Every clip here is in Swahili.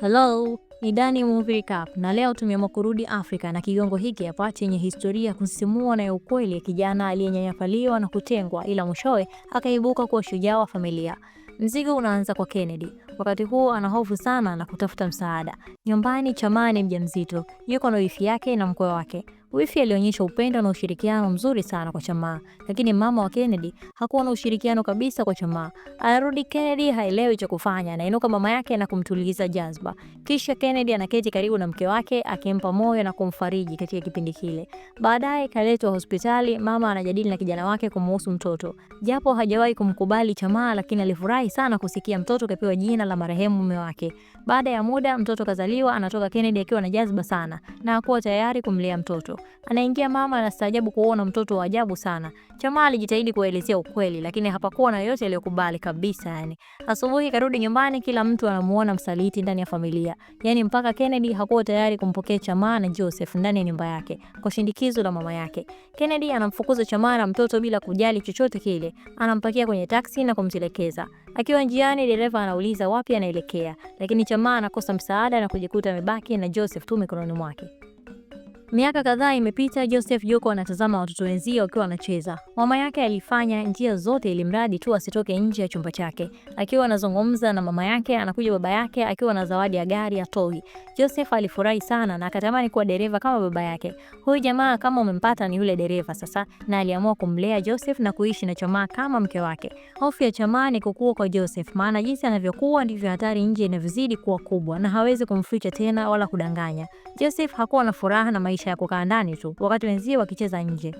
Hello, ni Dani Movie cup na leo tumeamua kurudi Afrika na kigongo hiki hapa chenye historia kusimua kusisimua na ya ukweli ya kijana aliyenyanyapaliwa na kutengwa ila mwishowe akaibuka kuwa shujaa wa familia. Mzigo unaanza kwa Kennedy Wakati huo ana hofu sana na kutafuta msaada. Nyumbani, Chamani mjamzito, yuko na wifi yake na mkwe wake. Wifi alionyesha upendo na ushirikiano mzuri sana kwa Chamaa, lakini mama wa Kennedy hakuwa na ushirikiano kabisa kwa Chamaa. Anarudi Kennedy haelewi cha kufanya, anainuka mama yake na kumtuliza jazba. Kisha Kennedy anaketi karibu na mke wake akimpa moyo na kumfariji katika kipindi kile. Baadaye kaletwa hospitali, mama anajadili na kijana wake kumuhusu mtoto. Japo hajawahi kumkubali Chamaa, lakini alifurahi sana kusikia mtoto kapewa jina la marehemu mume wake. Baada ya muda mtoto kazaliwa, anatoka Kennedy akiwa na jazba sana na hakuwa tayari kumlea mtoto. Anaingia mama anastaajabu kuona mtoto wa ajabu sana. Chama alijitahidi kuelezea ukweli, lakini hapakuwa na yote aliyokubali kabisa yani. Asubuhi karudi nyumbani, kila mtu anamuona msaliti ndani ya familia. Yani mpaka Kennedy hakuwa tayari kumpokea Chama na Joseph ndani ya nyumba yake kwa shindikizo la mama yake. Kennedy anamfukuza Chama na mtoto bila kujali chochote kile. Anampakia kwenye taksi na kumtelekeza. Akiwa njiani, dereva anauliza wapi anaelekea, lakini Chamaa anakosa msaada na kujikuta amebaki na Joseph tu mikononi mwake. Miaka kadhaa imepita, Joseph yuko anatazama watoto wenzie wakiwa wanacheza. Mama yake alifanya njia zote ili mradi tu asitoke nje ya chumba chake. Akiwa anazungumza na mama yake, anakuja baba yake akiwa na zawadi ya gari ya toy. Joseph alifurahi sana na akatamani kuwa dereva kama baba yake. Huyu jamaa kama umempata ni yule dereva sasa, na aliamua kumlea Joseph na kuishi na Chamaa kama mke wake. Hofu ya Chamaa ni kukua kwa Joseph, maana jinsi anavyokuwa ndivyo hatari nje inavyozidi kuwa kubwa na hawezi kumficha tena wala kudanganya. Joseph hakuwa na furaha na maisha maisha ya kukaa ndani tu, wakati wenzie wakicheza nje.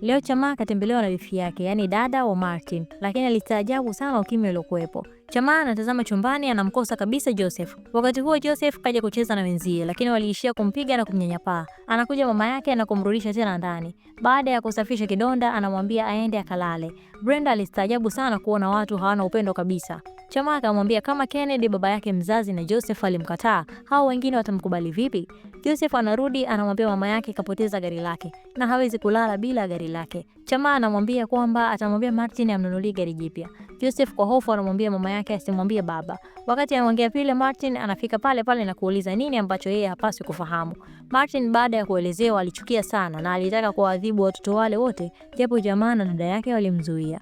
Leo Chama akatembelewa na wifi yake, yaani dada wa Martin, lakini alistaajabu sana ukimya uliokuwepo. Jamaa anatazama chumbani, anamkosa kabisa Joseph. Wakati huo Joseph kaja kucheza na wenzie, lakini waliishia kumpiga na kumnyanyapaa. Anakuja mama yake na kumrudisha tena ndani. Baada ya kusafisha kidonda, anamwambia aende akalale. Brenda alistaajabu sana kuona watu hawana upendo kabisa. Jamaa akamwambia kama Kennedy baba yake mzazi na Joseph alimkataa, hao wengine watamkubali vipi? Joseph anarudi anamwambia mama yake kapoteza gari lake na hawezi kulala bila gari lake. Jamaa anamwambia kwamba atamwambia Martin amnunulie gari jipya. Joseph kwa hofu anamwambia mama yake asimwambie baba. Wakati anaongea vile, Martin anafika pale pale na kuuliza nini ambacho yeye hapaswi kufahamu. Martin baada ya kuelezewa alichukia sana na alitaka kuwaadhibu watoto wale wote, japo jamaa na dada yake walimzuia.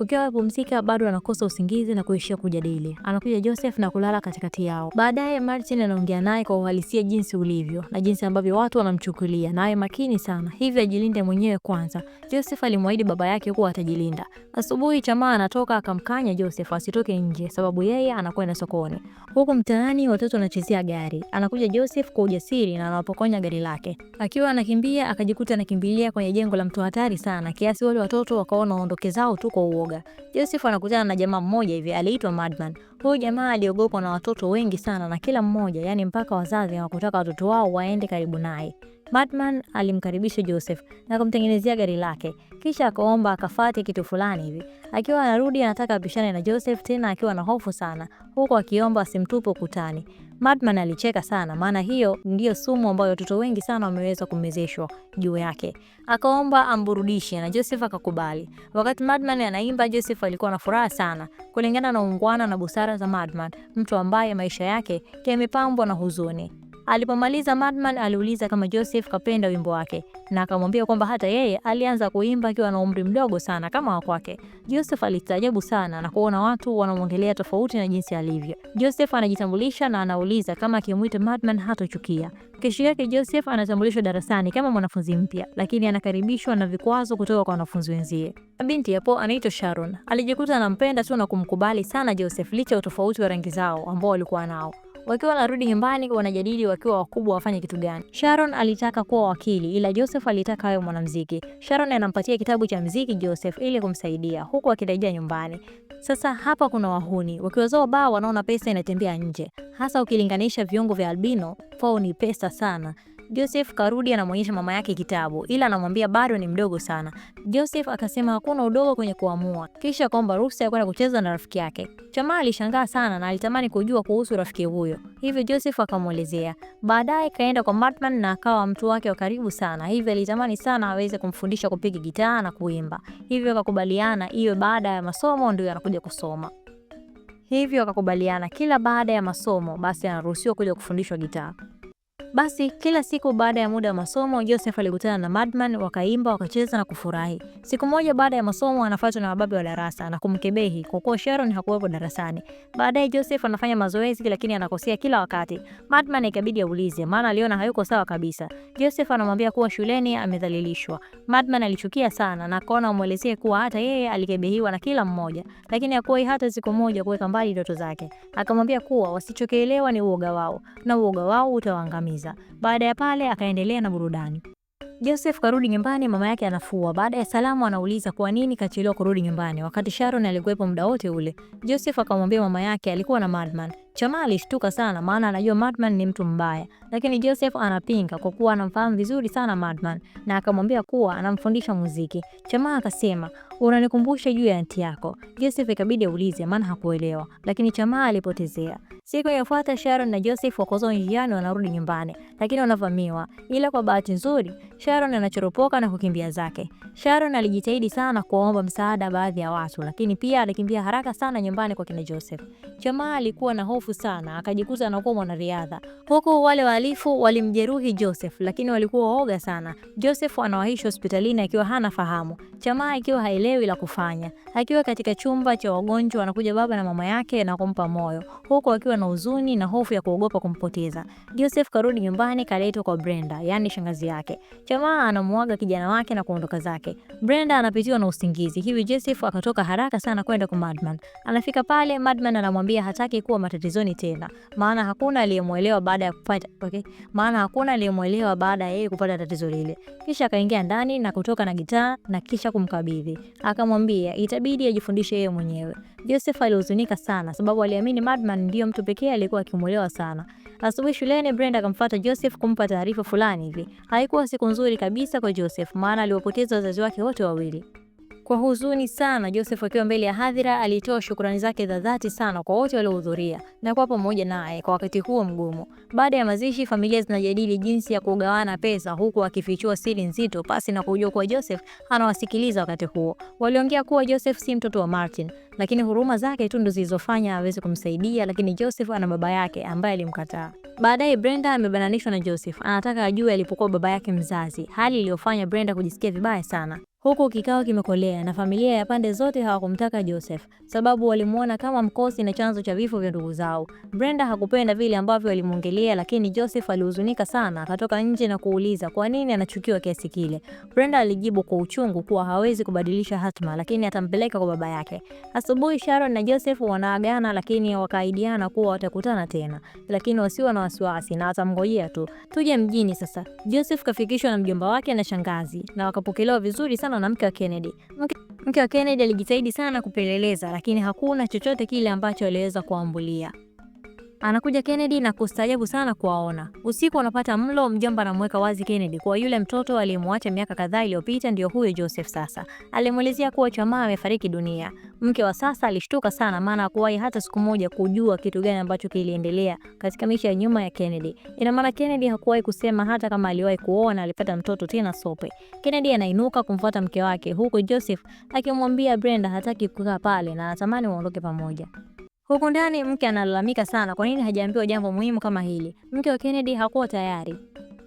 Ukiwa wamepumzika bado anakosa usingizi na kuishia kujadili. Anakuja Joseph na kulala katikati yao. Baadaye Martin anaongea naye kwa uhalisia jinsi ulivyo na jinsi ambavyo watu wanamchukulia, naye makini sana, hivyo ajilinde mwenyewe kwanza. Joseph alimwahidi baba yake kuwa atajilinda. Asubuhi chama anatoka akamkanya Joseph asitoke nje sababu yeye anakwenda sokoni. Huko mtaani watoto wanachezea gari. Anakuja Joseph kwa ujasiri na anawapokonya gari lake. Akiwa anakimbia akajikuta anakimbilia kwenye jengo la mtu hatari sana kiasi wale watoto wakaona waondoke zao tu kwa uo kuoga. Joseph anakutana na jamaa mmoja hivi aliitwa Madman. Huyu jamaa aliogopwa na watoto wengi sana na kila mmoja, yani mpaka wazazi hawakutaka watoto wao waende karibu naye. Madman alimkaribisha Joseph na kumtengenezea gari lake, kisha akaomba akafate kitu fulani hivi. Akiwa anarudi anataka apishane na Joseph tena, akiwa na hofu sana, huku akiomba asimtupe ukutani. Madman alicheka sana, maana hiyo ndiyo sumu ambayo watoto wengi sana wameweza kumezeshwa juu yake. Akaomba amburudishe na Joseph akakubali. Wakati Madman anaimba, Joseph alikuwa na furaha sana, kulingana na ungwana na busara za Madman, mtu ambaye maisha yake yamepambwa na huzuni. Alipomaliza, Madman aliuliza kama Joseph kapenda wimbo wake na akamwambia kwamba hata yeye alianza kuimba akiwa na umri mdogo sana kama wa kwake. Joseph alistaajabu sana na kuona watu wanamwongelea tofauti na jinsi alivyo. Joseph anajitambulisha na anauliza kama akimwita Madman hatochukia. Kesho yake Joseph anatambulishwa darasani kama mwanafunzi mpya, lakini anakaribishwa na vikwazo kutoka kwa wanafunzi wenzie. Binti hapo anaitwa Sharon alijikuta anampenda tu na kumkubali sana Joseph licha ya utofauti wa rangi zao ambao walikuwa nao. Wakiwa narudi nyumbani, wanajadili wakiwa wakubwa wafanye kitu gani. Sharon alitaka kuwa wakili, ila Joseph alitaka awe mwanamuziki. Sharon anampatia kitabu cha muziki Joseph ili kumsaidia, huku akirejea nyumbani. Sasa hapa kuna wahuni wakiwazao baa, wanaona pesa inatembea nje, hasa ukilinganisha viungo vya albino. Fao ni pesa sana. Joseph karudi anamwonyesha mama yake kitabu, ila anamwambia bado ni mdogo sana. Joseph akasema hakuna udogo kwenye kuamua, kisha akaomba ruhusa ya kwenda kucheza na rafiki yake. Chamaa alishangaa sana na alitamani kujua kuhusu rafiki huyo, hivyo Joseph akamwelezea. Baadaye kaenda kwa Martman na akawa mtu wake wa karibu sana, hivyo alitamani sana aweze kumfundisha kupiga gitaa na kuimba, hivyo akakubaliana iwe baada ya masomo ndio anakuja kusoma hivyo akakubaliana kila baada ya masomo basi anaruhusiwa kuja kufundishwa gitaa. Basi kila siku baada ya muda wa masomo, Joseph alikutana na Madman, wakaimba, wakacheza na kufurahi. Siku moja baada ya masomo, anafuatwa na mababu wa darasa na kumkebehi kwa kuwa Sharon hakuwepo darasani. Baadaye Joseph anafanya mazoezi, lakini anakosea kila wakati. Madman ikabidi aulize, maana aliona hayuko sawa kabisa. Joseph anamwambia kuwa shuleni amedhalilishwa. Madman alichukia sana na akaona amwelezee kuwa hata yeye alikebehiwa na kila mmoja, lakini hakuwahi hata siku moja kuweka mbali ndoto zake. Akamwambia kuwa wasichokielewa ni uoga wao na uoga wao utawaangamiza kumaliza. Baada ya pale akaendelea na burudani. Joseph karudi nyumbani, mama yake anafua. Baada ya salamu, anauliza kwa nini kachelewa kurudi nyumbani wakati Sharon alikuwepo muda wote ule. Joseph akamwambia mama yake alikuwa na madman Chama alishtuka sana maana anajua Madman ni mtu mbaya, lakini Joseph anapinga kwa kuwa anamfahamu vizuri sana Madman na akamwambia kuwa anamfundisha muziki. Chama akasema, unanikumbusha juu ya anti yako. Joseph ikabidi aulize maana hakuelewa, lakini Chama alipotezea. Siku inayofuata Sharon na Joseph wakozo njiani wanarudi nyumbani, lakini wanavamiwa. Ila kwa bahati nzuri, Sharon anachoropoka na kukimbia zake. Sharon alijitahidi sana kuomba msaada baadhi ya watu, lakini pia alikimbia haraka sana nyumbani kwa kina Joseph. Chama alikuwa na hofu maarufu sana, akajikuta anakuwa mwanariadha. Huko wale wahalifu walimjeruhi Joseph, lakini walikuwa oga sana. Joseph anawahishi hospitalini akiwa hana fahamu, Chamaa akiwa haelewi la kufanya. Akiwa katika chumba cha wagonjwa, anakuja baba na mama yake na kumpa moyo, huko akiwa na huzuni na hofu ya kuogopa kumpoteza. Joseph karudi nyumbani, kaletwa kwa Brenda, yani shangazi yake. Chamaa anamuaga kijana wake na kuondoka zake. Brenda anapitiwa na usingizi, hivi Joseph akatoka haraka sana kwenda kwa Madman. Anafika pale, Madman anamwambia hataki kuwa matatizo pembezoni tena, maana hakuna aliyemwelewa baada ya kupata okay, maana hakuna aliyemwelewa baada ya yeye kupata tatizo lile. Kisha akaingia ndani na kutoka na gitaa na kisha kumkabidhi, akamwambia itabidi ajifundishe yeye mwenyewe. Joseph alihuzunika sana, sababu aliamini Madman ndiyo mtu pekee aliyekuwa akimwelewa sana. Asubuhi shuleni, Brenda akamfuata Joseph kumpa taarifa fulani hivi. Haikuwa siku nzuri kabisa kwa Joseph, maana aliwapoteza wazazi wake wote wawili. Kwa huzuni sana, Joseph akiwa mbele ya hadhira alitoa shukrani zake za dhati sana kwa wote waliohudhuria na kwa pamoja naye kwa wakati huo mgumu. Baada ya mazishi, familia zinajadili jinsi ya kugawana pesa, huku akifichua siri nzito pasi na kujua kuwa Joseph anawasikiliza. Wakati huo waliongea kuwa Joseph si mtoto wa Martin, lakini huruma zake tu ndo zilizofanya aweze kumsaidia, lakini Joseph ana baba yake ambaye alimkataa. Baadaye Brenda amebananishwa na Joseph, anataka ajue alipokuwa baba yake mzazi, hali iliyofanya Brenda kujisikia vibaya sana. Huku kikao kimekolea na familia ya pande zote hawakumtaka Joseph sababu walimwona kama mkosi na chanzo cha vifo vya ndugu zao. Brenda hakupenda vile ambavyo walimwongelea, lakini Joseph alihuzunika sana, akatoka nje na kuuliza kwa nini anachukiwa kiasi kile. Brenda alijibu kwa uchungu kuwa hawezi kubadilisha hatma, lakini atampeleka kwa baba yake. Asubuhi Sharon na Joseph wanaagana, lakini wakaidiana kuwa watakutana tena, lakini wasiwa na wasiwasi na atamngojea tu. Tuje mjini sasa. Joseph kafikishwa na mjomba wake na shangazi na wakapokelewa vizuri sana na mke wa Kennedy. Mke wa Kennedy alijitahidi sana kupeleleza, lakini hakuna chochote kile ambacho aliweza kuambulia. Anakuja Kennedy na kustaajabu sana kuwaona. Usiku wanapata mlo, mjomba anamweka wazi Kennedy kwa yule mtoto aliyemwacha miaka kadhaa iliyopita ndio huyo Joseph sasa. Alimuelezea kuwa Chama amefariki dunia. Mke wa sasa alishtuka sana maana hakuwahi hata siku moja kujua kitu gani ambacho kiliendelea katika maisha ya nyuma ya Kennedy. Ina maana Kennedy hakuwahi kusema hata kama aliwahi kuona alipata mtoto tena Sope. Kennedy anainuka kumfuata mke wake huku Joseph akimwambia Brenda hataki kukaa pale na anatamani waondoke pamoja. Huku ndani mke analalamika sana, kwa nini hajaambiwa jambo muhimu kama hili. Mke wa Kennedy hakuwa tayari.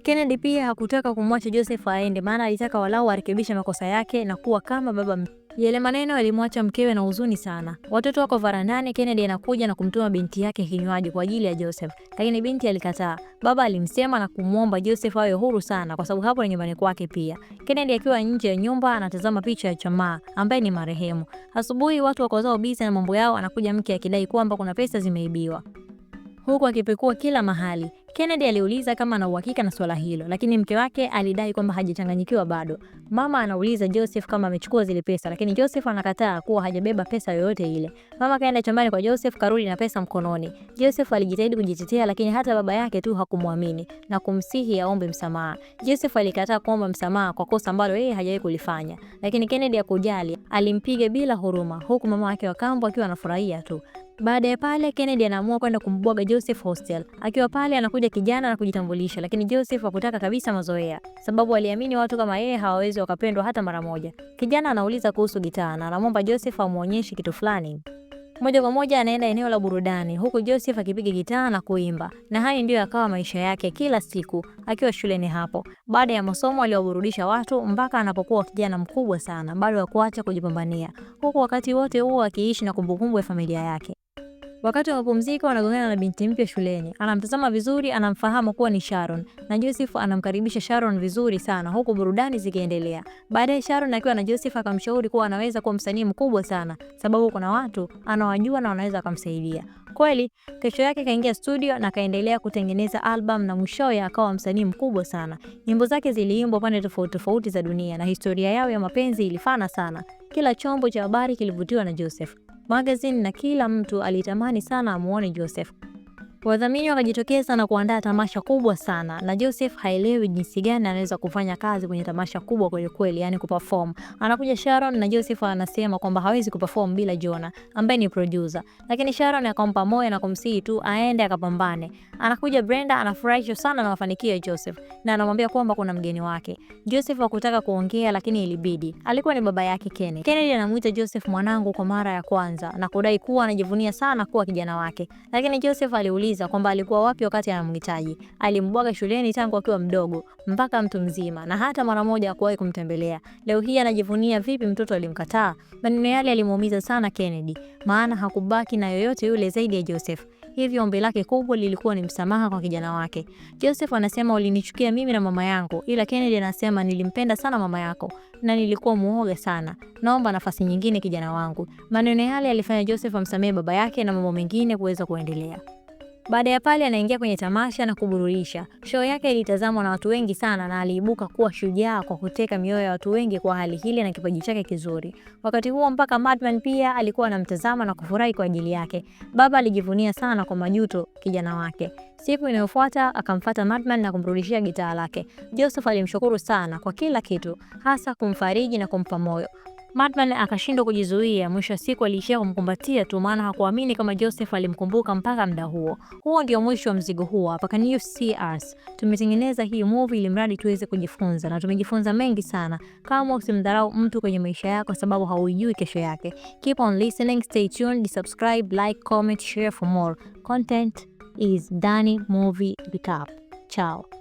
Kennedy pia hakutaka kumwacha Joseph aende, maana alitaka walau arekebishe makosa yake na kuwa kama baba yale maneno yalimwacha mkewe na huzuni sana. Watoto wako varandani, Kennedy anakuja na kumtuma binti yake kinywaji kwa ajili ya Joseph, lakini binti alikataa. Baba alimsema na kumwomba Joseph awe huru sana, kwa sababu hapo ni nyumbani kwake pia. Kennedy akiwa nje ya nyumba anatazama picha ya Chamaa ambaye ni marehemu. Asubuhi watu wako zao busy na mambo yao, anakuja mke akidai kwamba kuna pesa zimeibiwa huku akipekua kila mahali. Kennedy aliuliza kama ana uhakika na swala hilo, lakini mke wake alidai kwamba hajachanganyikiwa bado. Mama anauliza Joseph kama amechukua zile pesa, lakini Joseph anakataa kuwa hajabeba pesa yoyote ile. Mama kaenda chumbani kwa Joseph, karudi na pesa mkononi. Joseph alijitahidi kujitetea, lakini hata baba yake tu hakumwamini na kumsihi aombe msamaha. Joseph alikataa kuomba msamaha kwa kosa ambalo yeye hajawahi kulifanya, lakini Kennedy akujali, alimpiga bila huruma, huku mama yake wa kambo akiwa anafurahia tu. Baada ya pale Kennedy anaamua kwenda kumboga Joseph hostel. Akiwa pale anakuja kijana na kujitambulisha, lakini Joseph hakutaka kabisa mazoea, sababu aliamini watu kama yeye hawawezi wakapendwa hata mara moja. Kijana anauliza kuhusu gitaa na anamwomba Joseph amwonyeshe kitu fulani. Moja kwa moja anaenda eneo la burudani huku Joseph akipiga gitaa na kuimba, na hayo ndio yakawa maisha yake kila siku akiwa shuleni hapo. Baada ya masomo aliwaburudisha watu mpaka anapokuwa kijana mkubwa sana, bado hakuacha kujipambania, huku wakati wote huo akiishi na kumbukumbu ya familia yake. Wakati wa mapumziko anagongana na binti mpya shuleni. Anamtazama vizuri, anamfahamu kuwa ni Sharon. Na Joseph anamkaribisha Sharon vizuri sana huku burudani zikiendelea. Baadaye Sharon akiwa na Joseph akamshauri kuwa anaweza kuwa msanii mkubwa sana sababu kuna watu anawajua na wanaweza kumsaidia. Kweli, kesho yake kaingia studio na kaendelea kutengeneza album na mwishowe akawa msanii mkubwa sana. Nyimbo zake ziliimbwa pande tofauti tofauti za dunia na historia yao ya mapenzi ilifana sana. Kila chombo cha habari kilivutiwa na Joseph magazine na kila mtu alitamani sana amuone Joseph. Wadhamini wakajitokeza na kuandaa tamasha kubwa sana, na Joseph haelewi jinsi gani anaweza kufanya kazi kwenye tamasha kubwa kweli kweli, yani kuperform. Anakuja Sharon na Joseph anasema kwamba hawezi kuperform bila Jona ambaye ni producer, lakini Sharon akampa moyo na kumsihi tu aende akapambane. Anakuja Brenda, anafurahishwa sana na mafanikio ya Joseph na anamwambia kwamba kuna mgeni wake. Joseph hakutaka kuongea, lakini ilibidi. Alikuwa ni baba yake Kennedy. Kennedy anamuita Joseph mwanangu kwa mara ya kwanza na kudai kuwa anajivunia sana kuwa kijana wake, lakini Joseph aliuliza kumuuliza kwamba alikuwa wapi wakati anamhitaji. Alimbwaga shuleni tangu akiwa mdogo mpaka mtu mzima na hata mara moja hakuwahi kumtembelea. Leo hii anajivunia vipi mtoto alimkataa? Maneno yale yalimuumiza sana Kennedy, maana hakubaki na yoyote yule zaidi ya Joseph. Hivyo ombi lake kubwa lilikuwa ni msamaha kwa kijana wake. Joseph anasema ulinichukia mimi na mama yangu, ila Kennedy anasema nilimpenda sana mama yako na nilikuwa muoga sana. Naomba nafasi nyingine kijana wangu. Maneno yale yalifanya Joseph amsamehe baba yake na mambo mengine kuweza kuendelea. Baada ya pale anaingia kwenye tamasha na kuburudisha. Show yake ilitazamwa na watu wengi sana na aliibuka kuwa shujaa kwa kuteka mioyo ya watu wengi kwa hali hile na kipaji chake kizuri. Wakati huo mpaka Madman pia alikuwa anamtazama na kufurahi kwa ajili yake. Baba alijivunia sana kwa majuto kijana wake. Siku inayofuata akamfata Madman na kumrudishia gitaa lake. Joseph alimshukuru sana kwa kila kitu, hasa kumfariji na kumpa moyo. Madman akashindwa kujizuia, mwisho wa siku aliishia kumkumbatia tu, maana hakuamini kama Joseph alimkumbuka mpaka muda huo. Huo ndio mwisho wa mzigo huo. Hapa Can You See Us tumetengeneza hii movie ili mradi tuweze kujifunza, na tumejifunza mengi sana. Kama usimdharau mtu kwenye maisha yako, sababu hauijui kesho yake. Keep on listening, stay tuned, subscribe, like, comment, share for more content. Is Danny Movie Recap. Ciao.